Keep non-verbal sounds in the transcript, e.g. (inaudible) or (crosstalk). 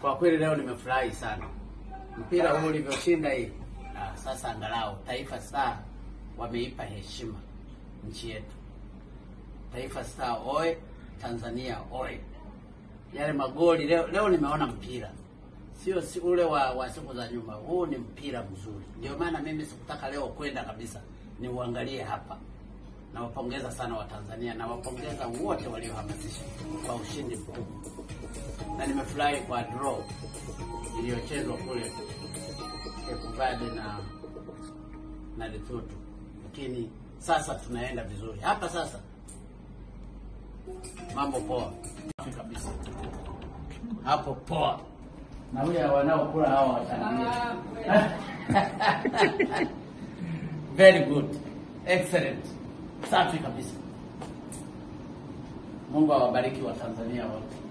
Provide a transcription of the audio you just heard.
Kwa kweli leo nimefurahi sana mpira huu ulivyoshinda hii na sasa, angalau Taifa Star wameipa heshima nchi yetu. Taifa Star oe! Tanzania oe! Yale magoli leo, leo nimeona mpira sio si ule wa, wa siku za nyuma. Huu ni mpira mzuri, ndio maana mimi sikutaka leo kwenda kabisa, niuangalie hapa. Nawapongeza sana Watanzania, nawapongeza wote waliohamasisha kwa ushindi mkubwa na nimefurahi kwa draw iliyochezwa kule Ekubade na na Lesotho, lakini sasa tunaenda vizuri hapa. Sasa mambo poa kabisa hapo, poa na huyo wanaokula hawa wachangia. (laughs) Very good, excellent, safi kabisa. Mungu awabariki Watanzania wote.